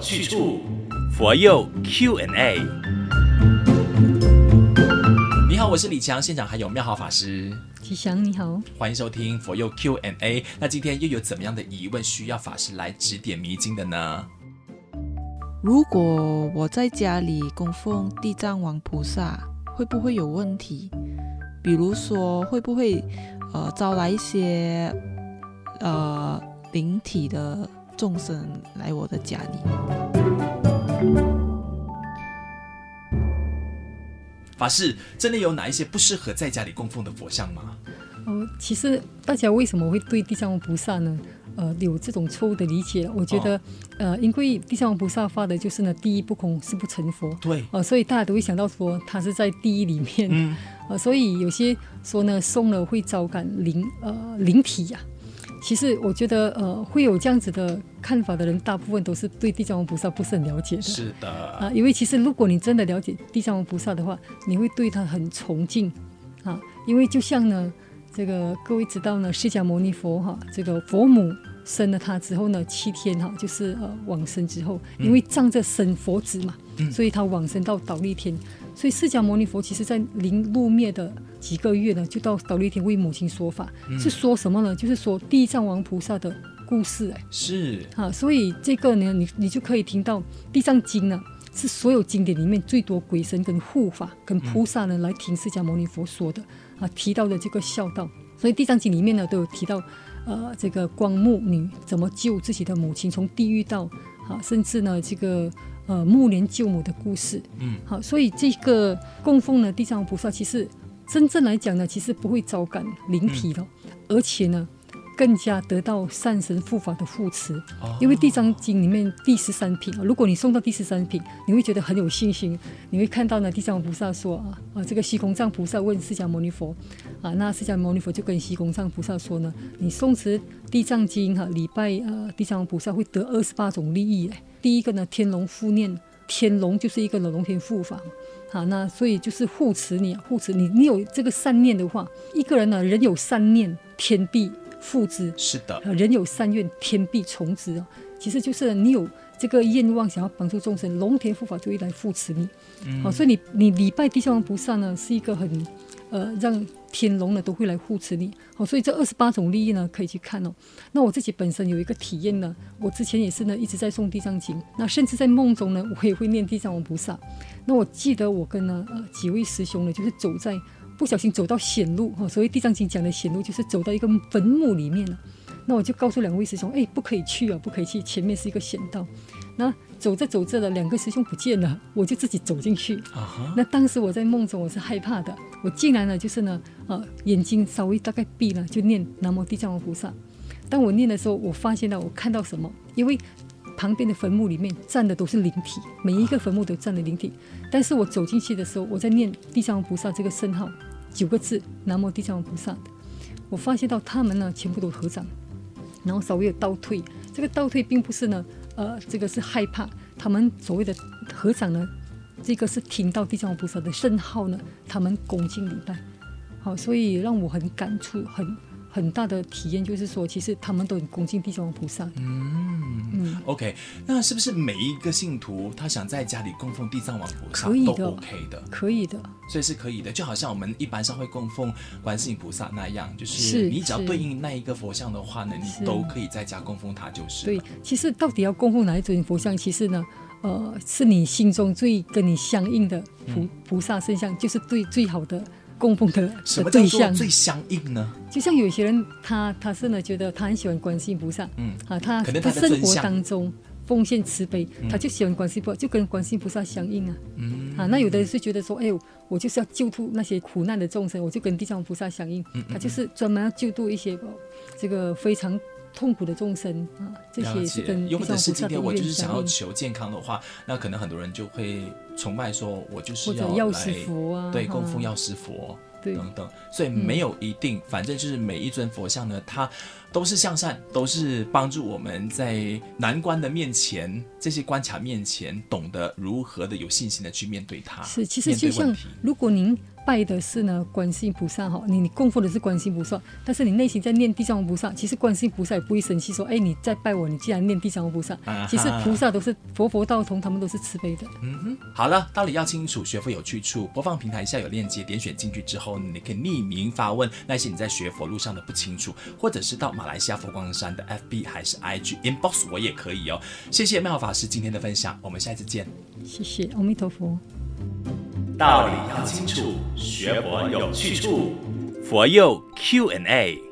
去處佛佑 Q&A。你好，我是理強，現場還有妙豪法師。吉祥，你好，歡迎收聽佛佑 Q&A。A, 那今天又有怎麼樣的疑問需要法師來指點迷津的呢？如果我在家裡供奉地藏王菩薩，會不會有問題？比如說，會不會呃招來一些呃靈體的？眾生來我的家裡，法師，真的有哪一些不適合在家裡供奉的佛像嗎？哦、呃，其實大家為什麼會對地藏王菩薩呢？呃，有這種錯誤的理解？我覺得，哦、呃，因為地藏王菩薩發的就是呢，地獄不空，誓不成佛。對，呃，所以大家都會想到說，他是在地獄裡面，嗯、呃，所以有些說呢，松了會招感靈，呃，靈體呀、啊。其實我覺得，呃，會有這樣子的看法的人，大部分都是對地藏王菩薩不是很了解的。是的，啊，因為其實如果你真的了解地藏王菩薩的話，你會對他很崇敬，啊，因為就像呢，這個各位知道呢，釋迦牟尼佛哈，啊，這個佛母生了他之後呢，七天哈，就是呃、啊，往生之後，因為仗着生佛子嘛。嗯。所以他往生到忉利天，所以釋迦牟尼佛其實在臨入滅的幾個月呢，就到忉利天為母親說法，嗯、是說什麼呢？就是說地藏王菩薩的故事哎，是啊，所以這個呢，你你就可以聽到《地藏經》呢，是所有經典裡面最多鬼神跟護法跟菩薩呢、嗯、來聽釋迦牟尼佛說的啊，提到的這個孝道，所以《地藏經》裡面呢都有提到，呃，這個光目女怎麼救自己的母親從地獄到。好，甚至呢，這個呃，目連救母的故事，嗯，好，所以這個供奉呢，地藏菩薩，其實真正來講呢，其實不會召感靈體的，嗯、而且呢。更加得到善神護法的護持，因為地藏經裡面第十三品，如果你送到第十三品，你會覺得很有信心。你會看到呢，地藏菩薩說啊啊，這個虛空藏菩薩問釋迦牟尼佛，啊，那釋迦牟尼佛就跟虛空藏菩薩說呢，你誦持地藏經哈、啊，禮拜呃、啊、地藏菩薩會得二十八種利益。第一個呢，天龍護念，天龍就是一個呢龍天護法，好、啊，那所以就是護持你，護持你，你，你有這個善念的話，一個人呢，人有善念，天必。復之是的。呃，人有善願，天必從之哦，其實就是你有這個願望，想要幫助眾生，龍天護法就會來護持你。好、嗯啊，所以你你禮拜地藏王菩薩呢，是一個很呃讓天龍呢都會來護持你。好、啊，所以這二十八種利益呢，可以去看哦。那我自己本身有一個體驗呢，我之前也是呢一直在誦地藏經，那甚至在夢中呢，我也會念地藏王菩薩。那我記得我跟呢、呃、幾位師兄呢，就是走在。不小心走到險路哈，所以《地藏經》講的險路就是走到一個墳墓裡面了。那我就告訴兩位師兄，誒、哎，不可以去啊，不可以去，前面是一個險道。那走着走着的，兩個師兄不見了，我就自己走進去。啊、uh huh. 那當時我在夢中我是害怕的，我進來呢就是呢，呃，眼睛稍微大概閉了就念南無地藏王菩薩。當我念的時候，我發現了我看到什麼，因為。旁邊的墳墓裡面站的都是靈體，每一個墳墓都站了靈體。但是我走進去的時候，我在念地藏王菩薩這個聖號，九個字“南無地藏王菩薩”的，我發現到他們呢，全部都合掌，然後稍微有倒退。這個倒退並不是呢，呃，這個是害怕。他們所謂的合掌呢，這個是聽到地藏王菩薩的聖號呢，他們恭敬禮拜。好，所以讓我很感觸，很很大的體驗就是說，其實他們都很恭敬地藏王菩薩。嗯。OK，那是不是每一個信徒他想在家裡供奉地藏王菩薩都 OK 的？可以的，所以是可以的，就好像我們一般上會供奉觀世音菩薩那樣，就是你只要對應那一個佛像的話呢，是你都可以在家供奉他就是，是，是。對，其實到底要供奉哪一種佛像？其實呢，呃，是你心中最跟你相應的菩、嗯、菩薩聖像，就是對最好的。供奉的、的對象什麼最相最相應呢？就像有些人，他他是呢，覺得他很喜歡觀世音菩薩，嗯，啊，他可能他、他生活當中奉獻慈悲，嗯、他就喜歡觀世音，就跟觀世音菩薩相應啊，嗯，啊，那有的人是覺得說，嗯、哎呦，我就是要救度那些苦難的眾生，我就跟地藏菩薩相應，嗯嗯、他就是專門要救度一些這個非常痛苦的眾生啊，這些跟地藏菩薩件，我就是想要求健康的話，那可能很多人就會。崇拜說，我就是要來或者藥師佛，啊，對供奉藥師佛，啊，對等等，所以沒有一定，嗯，反正就是每一尊佛像呢，它都是向善，都是幫助我們在難關的面前，這些關卡面前，懂得如何的有信心的去面對它。是，其實就像如果您拜的是呢，觀世音菩薩哈，你你供奉的是觀世音菩薩，但是你內心在念地藏王菩薩，其實觀世音菩薩也不會生氣說，哎，你再拜我，你既然念地藏王菩薩，其實菩薩都是佛佛道同，他們都是慈悲的。啊，哈嗯哼，好。好了，道理要清楚，學佛有去處。播放平台下有鏈接，點選進去之後，你可以匿名發問那些你在學佛路上的不清楚，或者是到馬來西亞佛光山的 FB 還是 IG inbox 我也可以哦。謝謝妙豪法師今天的分享，我們下一次見。謝謝阿彌陀佛，道理要清楚，學佛有去處，佛佑 Q&A。